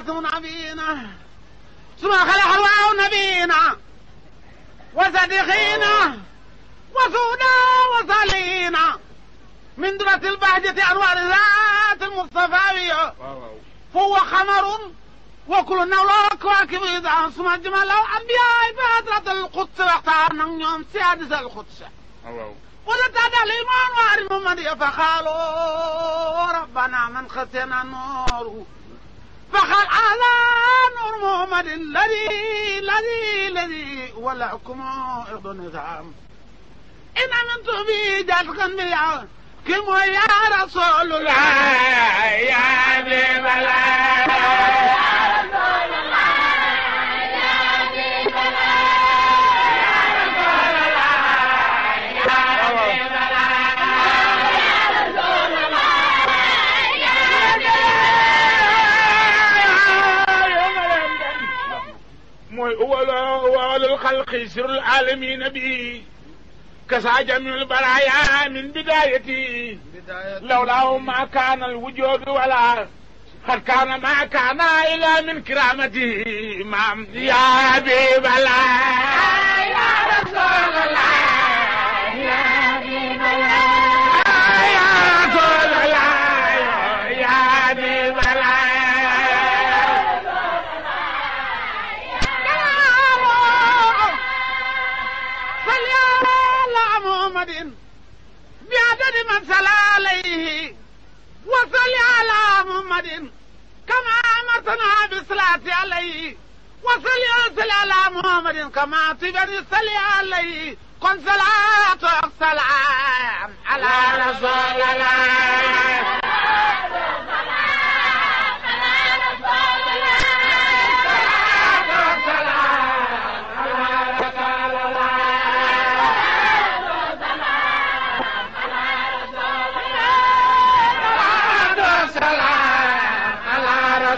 بعث عبينا ثم خلق الله نبينا وصديقينا وسودا وصالينا من درة البهجة أنوار ذات المصطفى فهو خمر وكل النور كواكب إذا ثم جمال أنبياء بهدرة القدس واختارنا يوم سادس القدس وزاد الإيمان وعلم من فقالوا ربنا من خسينا نوره فقد على نور محمد الذي الذي الذي ولعكم عقد النظام إن من تبي جاتكم مليون كم يا رسول الله يا حبيب الله خسر العالمين به كسى جميع البرايا من بدايتي لولا ما كان الوجود ولا قد كان ما كان إلا من كرامتي ما يا حبيب الله محمد بعدد من صلى عليه وصل على محمد كما أمرتنا بالصلاة عليه وصل وصل على محمد كما تبني صلي عليه كن صلاة السلام على رسول الله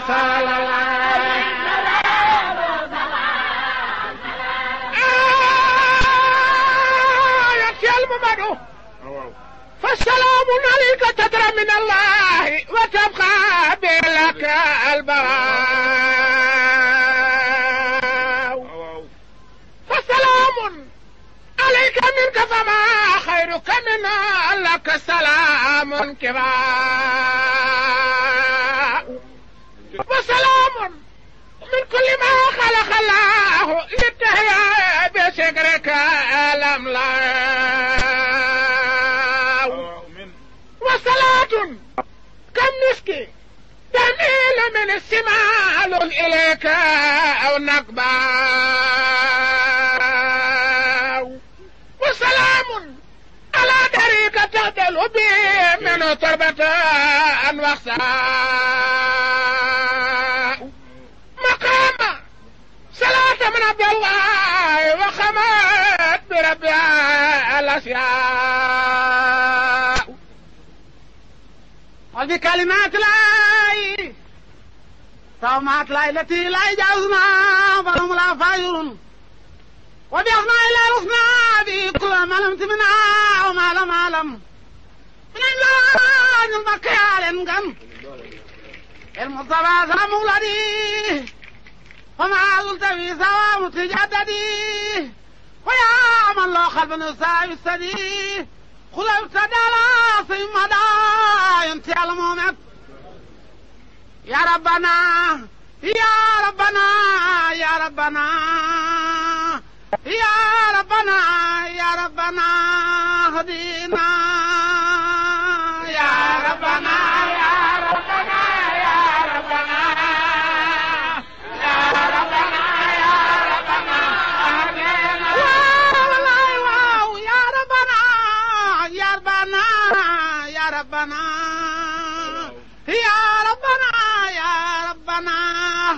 فالسلام عليك تترى من الله وتبقى بلك البراء فالسلام عليك منك فما خيرك من لك سلام كبار كل ما خلاه الله للتهيا بشكرك لا وصلاة كم نسكي تميل من السماء إليك أو نقبا وسلام على طريقة تهدل به من تربة وخسار عبد الله وخمت برب الأشياء قلبي كلمات لاي طامات لاي التي لا يجاوزنا فهم لا فايرون وبيخنا إلى رسنا كل ما لم تمنع وما لم أعلم من الله المكيال انقم المصطفى سلام ولدي وما عزلت في سوى متجددي ويا من له خلف نساء يستدي قل ابتدى لا مدى ينتهي المؤمن يا ربنا يا ربنا يا ربنا يا ربنا يا ربنا هدينا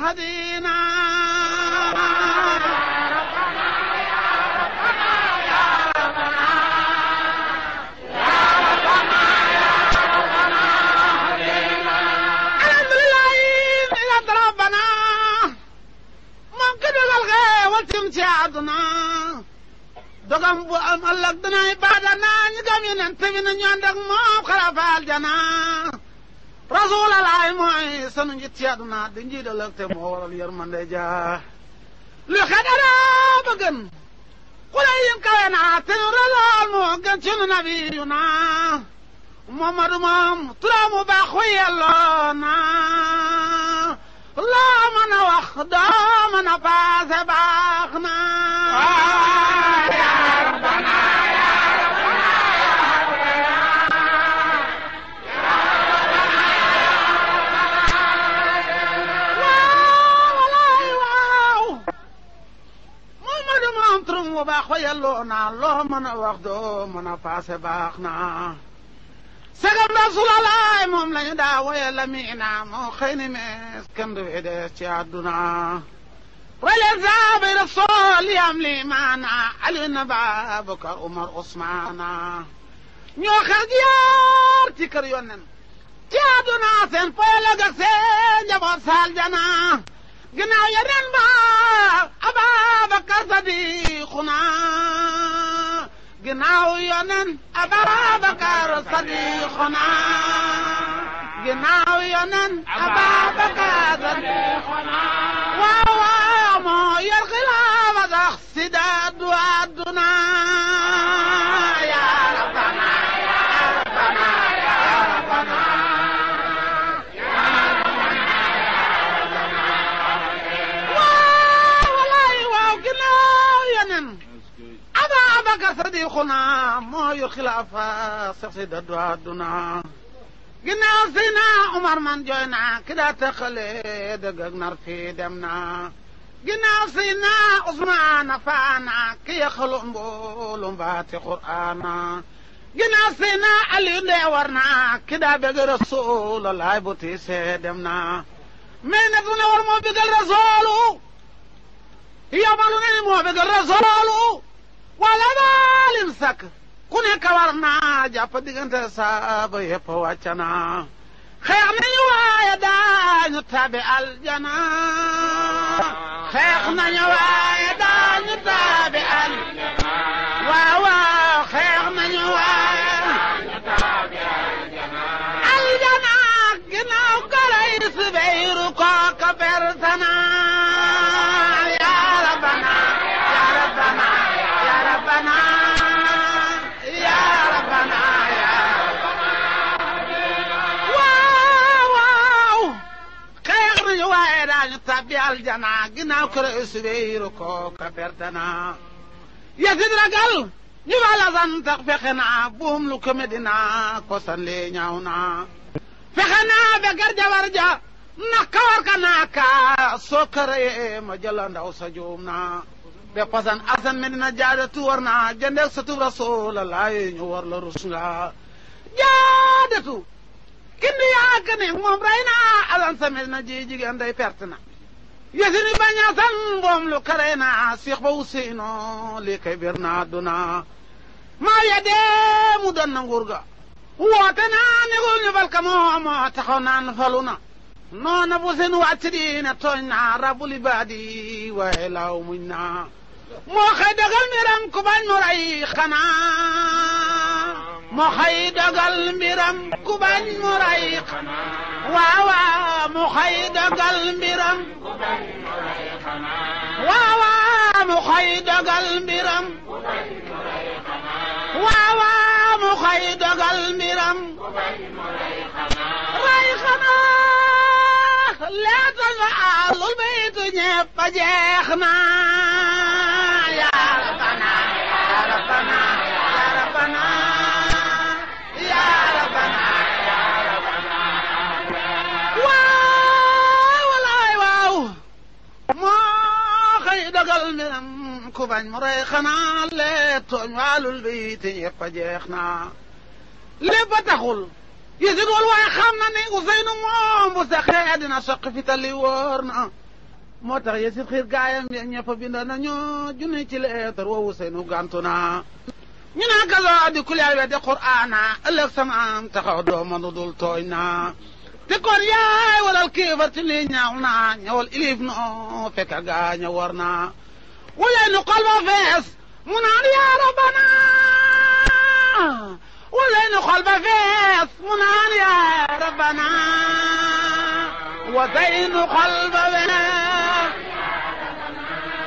المدينة تمتعدنا دغم بو ام الله دنا عبادنا نغم ينتمي نيون دغم خرافال جنا rasuulalaay mooy sanu njit ci àdduna di te moo waral yërmande ja lu xedara ba ku la yim kawe naa te nu moom turaamu baax wu yelloo naa loo mën a wax doo a paase baa turum wu baax wa yelloo naa loo mën a wax doo mën a paase baax naa segam rasulallah moom lañu daa woye lamiina moo xëy ni mees kenn du fi des ci àdduna wala zaabi rasool yam limaana ali na baabaka umar usmaana ñoo xar gi yaar ci kër yonen ci àdduna seen poyal ak seen saal jana جنا يا رنبا أبا بكر صديقنا يا نن أبا بكر صديقنا يا نن أبا بكر صديقنا وهو ما يرغي الهوى ذا سداد وعدنا شيخنا mooyu xilaafa sax si da doa duna ginnaaw sëy naa Umar man jooy naa ki daa tëqale dëgg ak nar fii dem na ginnaaw sëy naa Usmaana faana ki yëqalu mboolu mbaati Qur'aana ginnaaw sëy naa Aliyu ndee war naa ki daa bëgg Rasuulu laay bu tiisee dem na mais nag mu ne war moo bëggal Rasuulu yow ma lu ne moo bëggal Rasuulu wala daalim sak ku nekk war na jàpp sa ba yëpp wàccana xex nañu waaye daañu tabi aljana xex nañu waaye daañu tabi aljana waaw waaw xex nañu waaye aljana aljana ginnaaw garay sibeyru kooka bersana tàbbi aljana ginnaaw kër Usbeyru kooka pertana Yasid ragal ñu fa la sant fexe naa buum lu ko Medina ko san lee ñaaw naa fexe naa ba gar na kawar ka naa soo këree ma jëla ndaw sa juum naa be pasan asan Medina jaada tu war naa jëndeeg sa tub Rasulallah ñu war la rus nga jaadatu kindu yaa ka ne moom rey naa asan sa Medina ji jigéen day perte na yesini bañasan mboom lu karena siix ba useyno li kay duna maa yadee mu doon na woote naa nigul ñu bal ka moo moo naan falu na noona bu seen wàcc diine tooñ naa rabul ibaadi waaye laaw muñ naa moxaɗagal miram kuɓa nuray xana moxayɗagal mbiram kuɓan nuray xana wawa moxayɗagal mbiram wawa moxayɗagal mbiram wawa moxayɗagal mbiram lu baytu ñépp a jeex na yaa rabbana yaa rabbana yaa rabbana yaa rabbana yaa rabbana waaw walaay waaw moo xëy dogal mbiram ku bañ mu rey xanaa lee tooñ waalul bayti ñépp a jeex na lépp a taxul يزيد والو يخمني وزين موم وزخي عدنا شقفت اللي ورنا موتا يزيد خير قايم يعني فبين دانا نيو جوني تلي اتر ووسين وقانتنا نينا قضا دي كل عربية دي قرآن اللي سمعان تخوضو من دول توينا تقول يا ولا الكيفر تلي نيونا نيو الإليف نو فكا قايم ورنا ولا نقلب فيس منعني يا ربنا Ah! ولين خلب قلبك منان يا ربنا وزين قلبك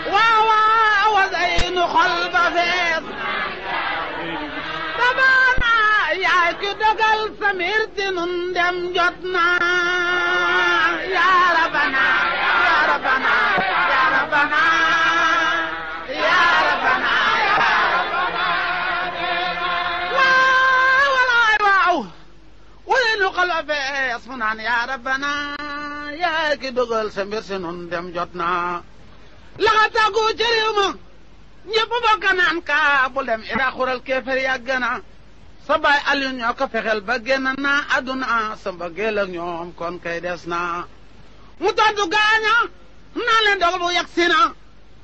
ووا وزين قلبك ربنا يا كده قلب سميرتي نندم جتنا la fee yas mu naan yaa rabbana yaa ki dogal sa si nun dem jot na laxa tàggu ci réew ma ñëpp bokk naan kaa bu dem ira xural kéefar yàgg na sa baay ñoo ko fexel ba génn na àdduna sa mbëggeel ñoom kon kay des na mu tontu gaaña naa leen dogal bu yegg si na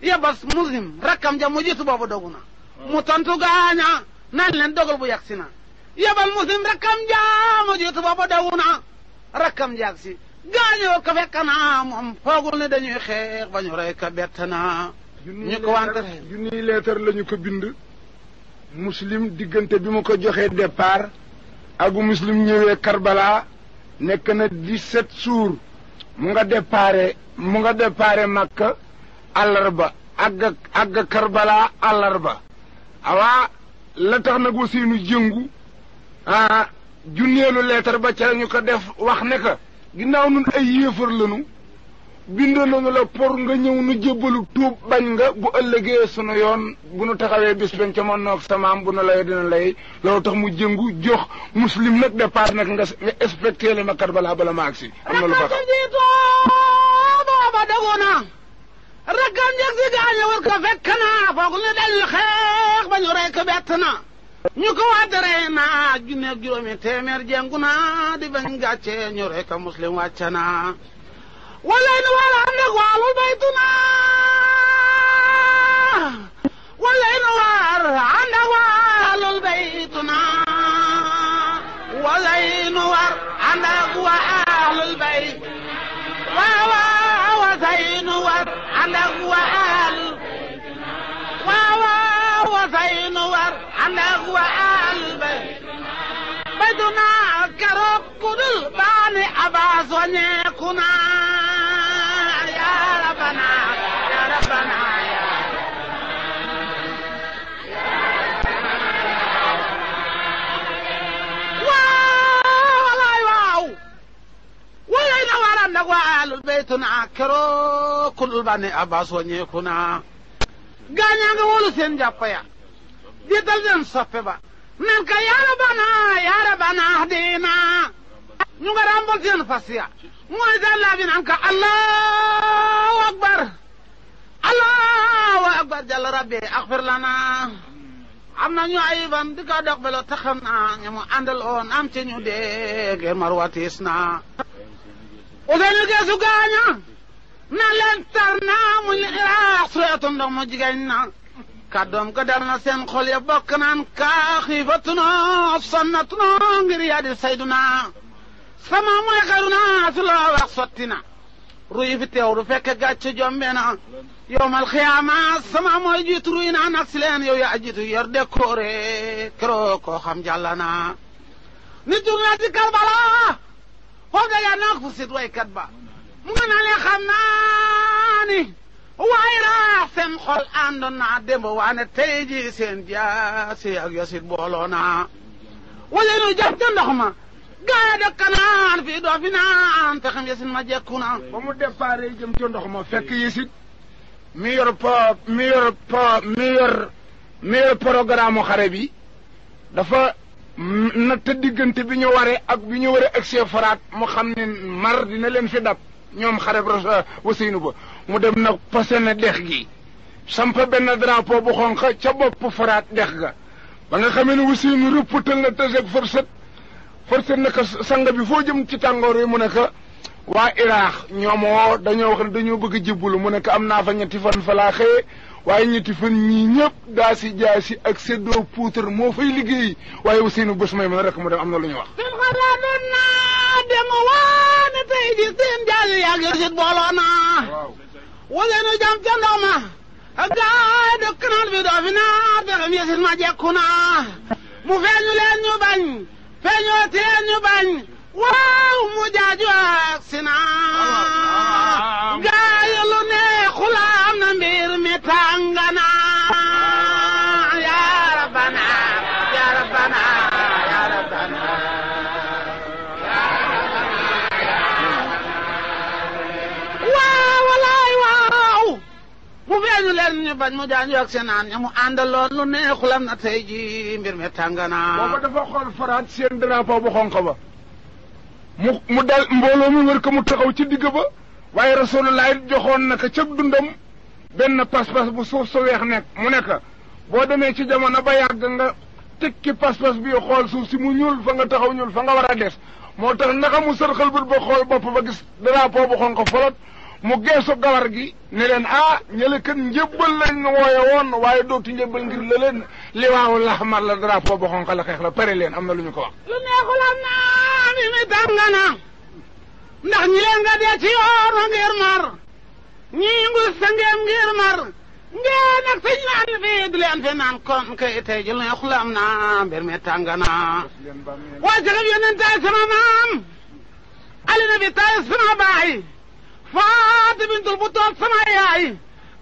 yebas muslim rakkam ja mu jiitu boobu dogu na mu tontu gaaña naa leen dogal bu yegg na yabal musin rakkam jaamo jiitu ba ba daw na rakkam jaag si gaañoo ko fekk naa moom foogul ne dañuy xeex ba rey ko bett naa ñu ko wante junniy leetar la ko bind muslim diggante bi mu ko joxee départ agu muslim ñëwee Karbala nekk na dix-sept jours mu nga déparé mu nga déparé Makka àllarba àgg àgg Karbala àllarba awaa la tax nag wasiinu jëngu ah junneelu leetar ba ca ñu ko def wax ne ka ginnaaw nun ay yéefar lanu bindoo nañu la pour nga ñëw nu jébbalu tuub bañ nga bu ëllëgee sunu yoon bu nu taxawee bis benn ca mën noog samaam bu nu lay dina lay loolu tax mu jëngu jox muslim nag départ nag nga nga expecté balaa bala ma agsi am na lu rakkam njëg si gaañu war ko fekk na foog ñu dal xeex ba ñu rey bett na ñu ko waddaree naa junneeg juróomi téeméer jengu naa di bañ gàcce ñu rek a muslim wàcc naa walay nu wala am nag waalul baytu naa walay nu waar am nag waalul baytu naa walay nu waar am nag waalul bayt waawaa wasay nu waar am nag waal waawaa wasay العلق وقلبي بدنا كرب كل باني أباس ونيكنا يا ربنا يا ربنا ولين ورنا وآل البيت نعكرو كل بني أباس ونيكنا قال يا ولسين جابيا Dia tahu jangan sopir bang. Mereka yang lupa na, ya lupa na hati na. Nunggu rambut jangan pasti Mau izah lagi nangka Allah wabar, Allah wabar jalan rabi akbar lana. Amna nyu ayam di kadak belok takkan na. Nyamu andal on am cenyu dek marwatis na. Udah nyu dia suka nya. Nalentar na mulai rasa tu nang mau jaga nang. kàddoom ga dal na seen xol ya bokk naan kaa xiifatunoo sonnatunoo ngir yaa di sayduna sama mooy xaruna su loo wax sotti na ruyu fi teew du fekk gàcce jombe na yowmal xiyaama sama mooy jiitu ruy naa nag si yow yaa jiitu yor dékoore koo xam jàlla na nit jur naa ci Karbala foofu da yaa naa ko fu sit ba mu nga xam naa waaye raa seen xol àndoon naa démb waane tey jii seen jaasi ak yosit booloo naa wala nu jaf ca ndox ma gaaya de kanaan fii doo naan te xam ma jekku na ba mu déparé jëm ca ndox ma fekk yosit mi yor po mi xare bi dafa natt diggante bi ñu waree ak bi ñu waree ak see faraat mu xam ne mar dina leen fi dab ñoom xare euh, ba waseynu ba mu dem na posé na dex gi samp benn drapeau bu xonq ca bopp faraat dex ga ba nga xamee ne aussi nu rëppatal na tëseeg fërsët fërsët naka sang bi foo jëm ci tàngoor yi mu ne ka waa iraax ñoomoo dañoo wax ne dañoo bëgg a mu nekk am naa fa ñetti fan fa laa xëye waaye ñetti fan ñii ñëpp daa si jaa si ak séddoo puutar moo fay liggéey waaye aussi nu bés may mën a rek mu dem am na lu ñu wax seen xataa doon naa dem waane tey di seen jaasi yàgg sit booloo naa wala nu jam jandoo ma dëkk naan bi doo fi naar pexem yesit ma jekku naa mu feeñu leen ñu bañ feeñoo ti ñu bañ waaw mu jaaju ak si naa ah, ah, ah. gaay lu neexul am na mbir mi tànga naa ñu bañ mu jaan yokk si naan ña mu àndaloon lu neexulam na tey ji mbir mi tàng naa. booba dafa xool faraat seen drapeau xonq ba. mu mu dal mbooloo mi wër ko mu taxaw ci digg ba waaye rasulullah joxoon na ko ca dundam benn pas-pas bu suuf su weex nekk mu nekk boo demee ci jamono ba yàgg nga tekki pas-pas bi xool suuf si mu ñuul fa nga taxaw ñuul fa nga war a des moo tax naka mu sërxal ba xool bopp ba gis drapeau bu xonq folot mu geesu gawar gi ne leen ah ñële kat njëbbal lañ wooye woon waaye dootu njëbbal ngir la leen liwaawu laxmar la drapeau ba xonq la xeex la pare leen am na lu ñu ko wax lu neexul am na mi mi tam ndax ñi leen nga dee ci yoonu ngir mar ñi ngus sa ngir mar ngeen ak sëñ naan fii di leen fi naan kon kay tey ji lu neexul na mbir mi tànga na waa jërëjëf yeneen taay sama maam ali na bi taay sama baay faata bintul bu toog sama yaay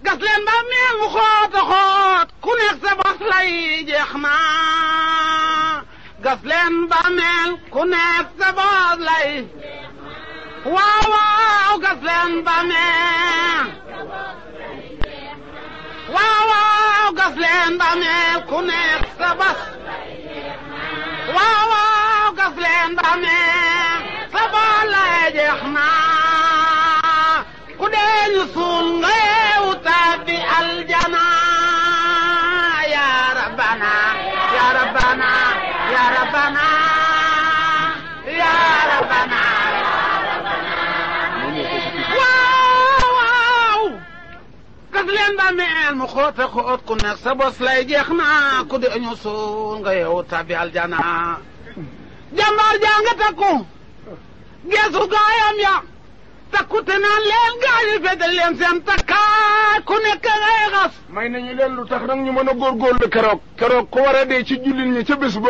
gas ba meel mu xoota xoot sa bos lay jeex ma ba meel ku sa bos lay waaw waaw gas ba meel waaw waaw gas leen ba waaw waaw ba meel sa bos lay jeex del suun nga yeewu tàbbi aljana ya rabbana ya rabbana ya rabbana ya rabbana waaw waaw kas leen dameel mu xóote xóot ku nekk sa bos lay jeex na ku di ñu suun nga yeewu tàbbi aljana jàmbaar jaa nga takku geesu gaayam ya te naan leen gaañu fetal leen seen takkaay ku nekk ngay xas may nañu leen lu tax nag ñu mën a góorgóorlu keroog keroog ku war a ci jullit ñi ca bés ba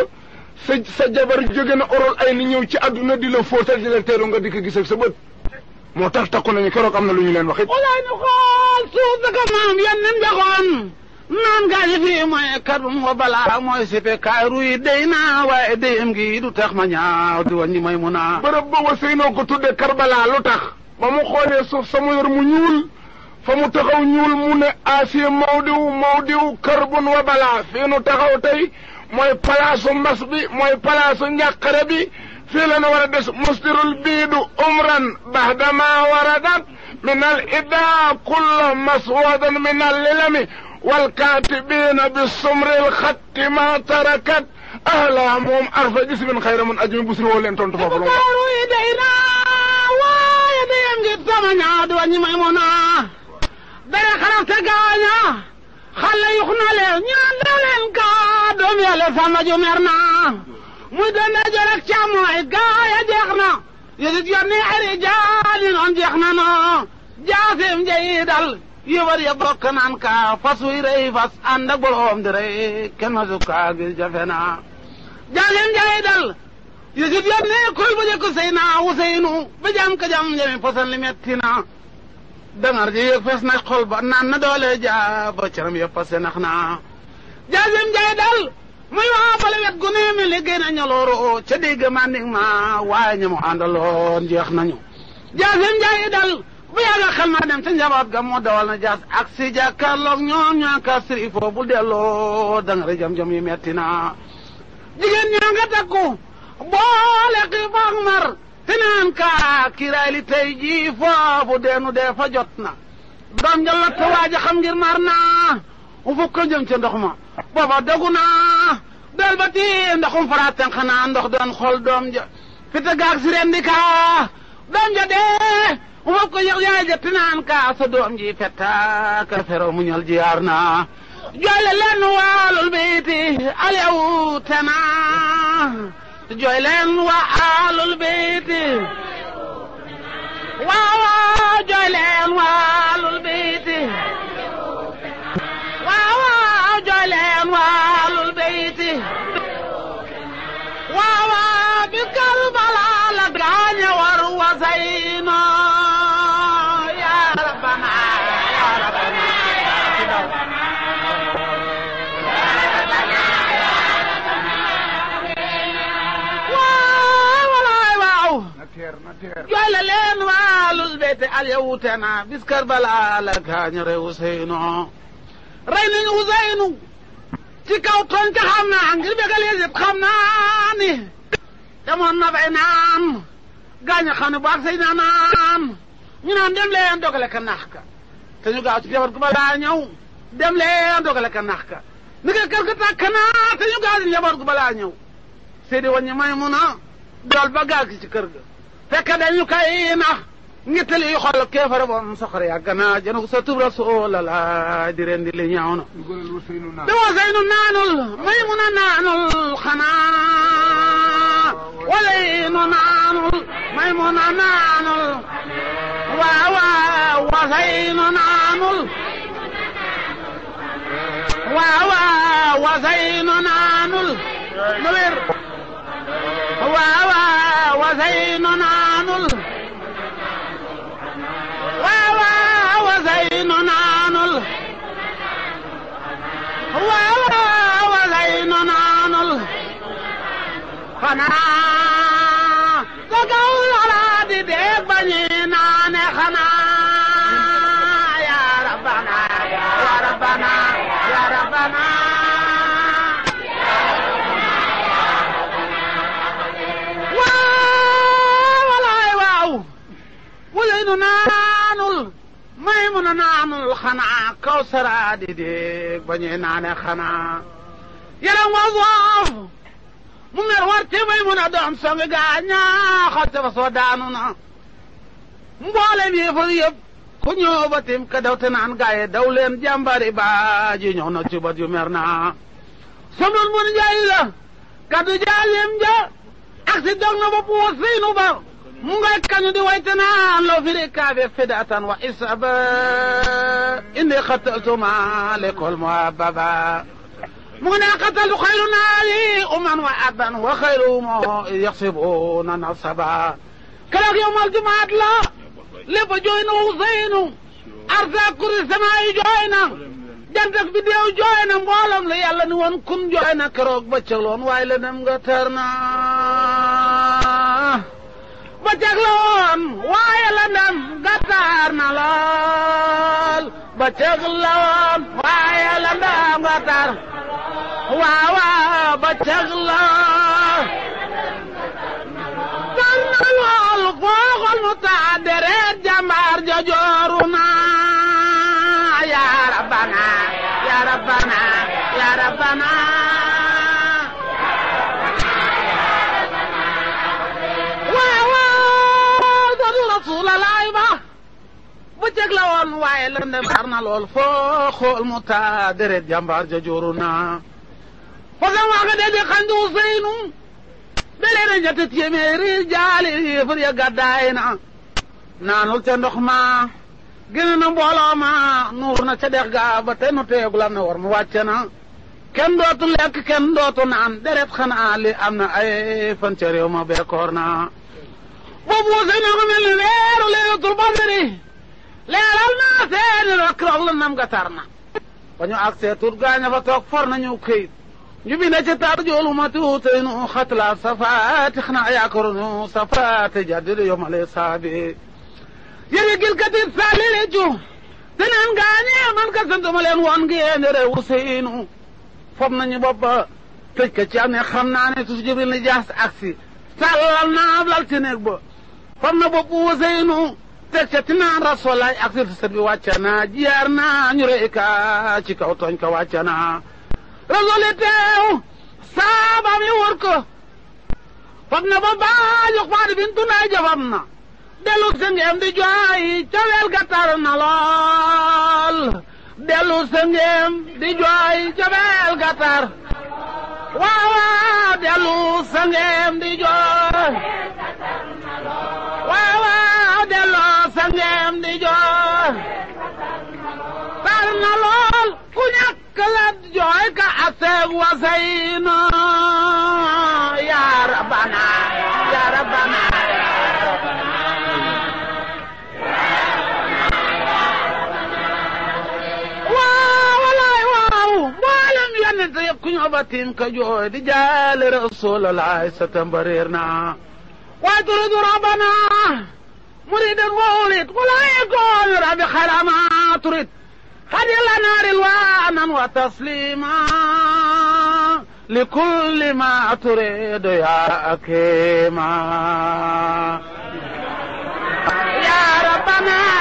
sa sa jabar jóge na orol ay ni ñëw ci àdduna di la fóotal di la nga di ko gis sa bët moo tax takku nañu keroog am na lu ñu leen wax it walaay ñu xool suuf daka maam yan nin baxoon naan gaa yi fii mooy kadum wa balaa mooy sipe kaay ruy day naa waaye dayam gi du tax ma ñaaw di wàññi may mu naa bërëb noo ko tudde karbala lu tax ba mu xoolee suuf sa mu yor mu ñuul fa mu taxaw ñuul mu ne acier mawdiw mawdiw carbone wa balaa fii nu taxaw tey mooy palaasu mbas bi mooy palaasu njàqare bi fii la nu war a des mustirul biidu umran bahdama waradat min al idaa kulla maswadan min al lilami والكاتبين بالسمر الخط ما تركت أهلهم أغفى جسم خير من أجم بسر ولن تنتفع dee ngir sama ñaadu wa a na leen sama ju mer muy doon na jël gaaya jeex na yësit yoon ni ari jaani noon jeex na no jaasim jayi dal yëbar fas wuy rey fas ànd ak boroom di ma sukkaa ngir jafe na jaasim yëgit yónne koy ba jëkk seyna Useynu ba jaam ka jaam njame posan li metti na dangar ji fes na xol ba naan doole ja ba caram yëpp pase nax na jaasem jaay daal muy waa bale wet gu neeme liggéey na ñolooro ca dégg mandig ma waaye ña mu àndaloon jeex nañu jaasem jaay daal bu yàgga xel naa dem ca njaboot ga moo dawal na jaas ak si jàkkaarloog ñoom ñaaka siri foo bu delloo dangar jam jam yi metti na jigéen ñaa nga takku boole xiif ak mar te naan kaa kiraay tey jii foofu deenu dee fa jot na doom ja lott waaja xam ngir mar naa u fukk jëm ca ndox ma booba dogu naa del ba ti ndoxum fara tenq naa ndox doon xool doom ja fita gaag si rendi kaa doom ja dee u fop ko yëg yaay ja ti naan kaa sa doom ji fettaaka fero mu ñal jiyaar naa jolle leen waalul biiti aliawu tena جلن وآل البيت واو جلن وآل البيت واو جلن وآل البيت واو بكربلاء لدران وروزين قال لين والو البيت اليوتنا بس كربلاء لك هاني حسينو ريني حسينو تكاو تونك خمنا عندي بقال يزيد خمناني demoon na bay naan gaañ a xam ne bu ak say naa naan ñu naan dem leen dogale ka nax ka te ñu gaaw ci jabar gu ba laa ñëw dem leen dogale ka nax ka ni ka kër ka tàkk naa te ñu gaaw ci jabar gu ba laa ñëw seedi waññi may mu na dool ba gaag ci kër ga fekkadañu kay nax ñettali xol keefara bom soxor yàgg naa janug sa tub rasulala di rendi li ñaaw na dawa seynu naanul may mun a naanul xanaa walaynu naanul may mun a naanul waawaaw wasaynu naanul waawaaw wasaynu naanul nu wér waawaaw وزين عن ال وزين عن ال وزين عن القناة لقول على دي بني a naanul xanaa kaw saraa di déeg ba ñuy naane xanaa yaram wa soof mu mer war te bay mun a doom songi gaa ñaaxal te fa soo daanu mboolem yéefar yëpp ku ñëw ba tim ka daw te naan gaa baa ji ñëw na cubat yu mer naa somlul mun njaay la kaddu jaalim ja ak si dog na ba puus siinu ba دي ويتنا لو فريكا فداة وإسابا إني قتلت لكل المهببا منا قتل خير نالي أما وأبا وخير ما يحسبون نصبا كلاك يوم الجمعة لا لبجوين وزين أرزاق كل السماء جوينا jantak bi deew jooy na mboolam la yàlla ni woon kun jooy na bëccëg la woon waaye la ndam gàttaar na lool bëccëg la woon waaye la ndam gàttaar waaw waaw la tar na mu taa deret jàmbaar jojooru na yaa rabbana yaa rabbana yaa rabbana bëccëg la woon waaye lëndëm na lool foo xool mu taa deret jàmbaar ja jooru naa façon waa nga dee di xandu Useynu belee na ñetti jaali yéefar ya gàddaay na naanul ca ndox ma génn ga ba te nu teeg war mu wàcc kenn dootu lekk kenn dootu naan deret xanaa li am na fan ca réew ma beekoor na boobu Useynu nga Badri leeral naa seeni rok rok la nam nga tar na ba ñu agsee tut gaaña fa toog for nañu këyit ñu bi ci tar joolu ma tuutay nu xatlaab safaati xanaa yaakaru nu safaati jaddi yomale saabi yëri gil katit saalile ju seneen gaañee man ka santuma leen woon ngi yéene rewu seynu fob nañu bopp ba tëj ka ci am xam naa ne tuuti jibril ni jaas aksi sàllal naa ab lal ci néeg ba fob na bopp wu seynu teg ca tinaan rasulaay ak sirtu sët bi wàcca na jiyaar na ñu rey ci kaw tooñ ko wàcca na rasuli teew saabaam yi wër ko na ba baajox faati nay jafam na dellu sëngeem di jooy ca wel na lool dellu sëngeem di jooy ca wel ga dellu sëngeem di jooy delloo sa ndeem di joor tar na lool ku ñàkk la jooy ka aseeg wasayno yaa rabbana yaa rabbana te yëpp ku ñoo ba tiim ka jooy di jaale rasulallah sa tambareer naa waaye turu du rabbana مريد الولد ولا يقول ربي خير ما تريد هدي لنا رلوانا وتسليما لكل ما تريد يا أكيما يا ربنا